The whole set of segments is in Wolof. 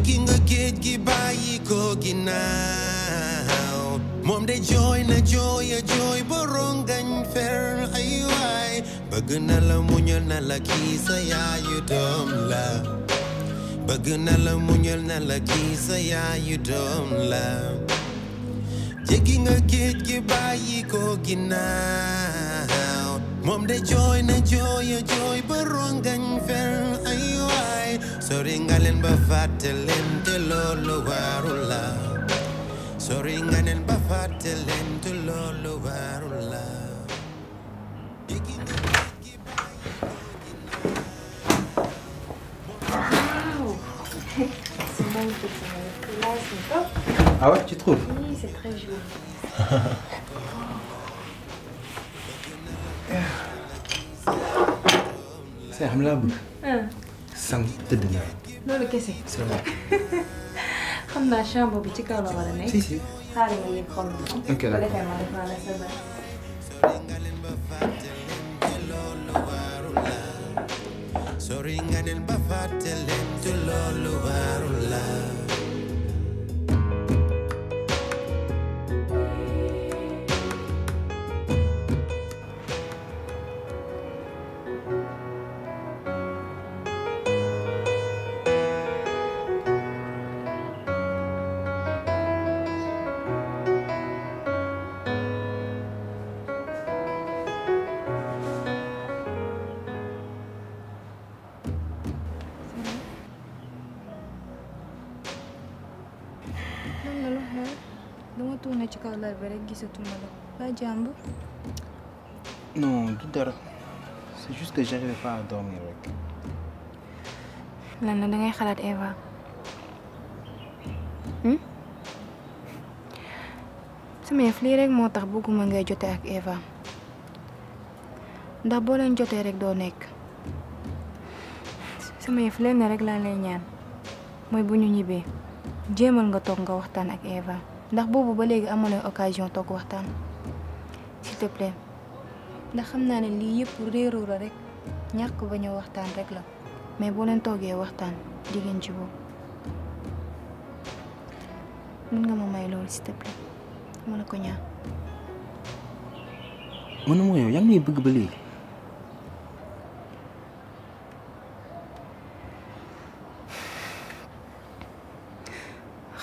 making a kid ki ba yi ko ginaw mom de joy na joy a joy borong gan fer ay way bëgg na la muñal na la ki sa yaayu doom la bëgg na la muñal na la ki sa yaayu doom la jéggi nga géej gi bàyyi ko ginnaaw mom de Joy na Joy a jooy gan rongañ fer ayoo soringalen leen ba fàtte soringalen te loolu waaru la Ah ouais, tu trouves Oui, c'est très joli. C'est aimable. Hein. sang tëdd na. loolu kese. naa chambre bi ci kaw te loolu war Fırtına çıkarlar böyle gizli tutmalı. Pas Django Non, tout dara. C'est juste que j'arrive pas à dormir rek. Lan la da ngay xalaat Eva. Hmm? sama yëf lii rek moo tax bëgguma ngay jote ak Eva ndax boo leen jotee rek doo nekk sama yëf lenn rek laa lay ñaan mooy bu ñu ñibbee jéemal nga toog nga waxtaan ak Eva ndax boobu ba léegi na occasion toog waxtaan s'il te plaît ndax xam naa ne lii yëpp réeroo la rek ñàkk ba ñoo waxtaan rek la mais boo leen toogee waxtaan di ngeen ci mën nga ma may loolu s'il te plaît mën na ko ñaan. mënuma yow yaa ngi may bëgg ba léegi.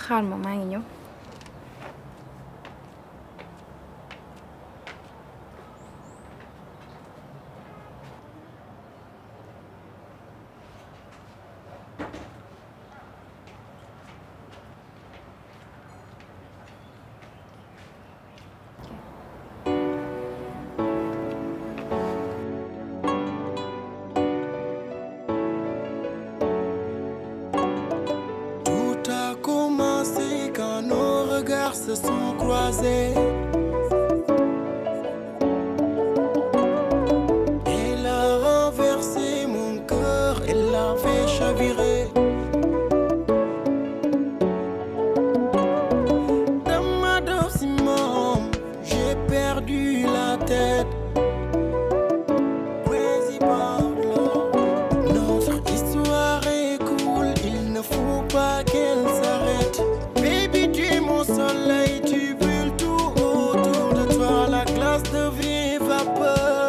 xaar ma maa ngi ñëw. se sont croisés. Elle a renversé mon cœur, elle l'a fait chavirer. apa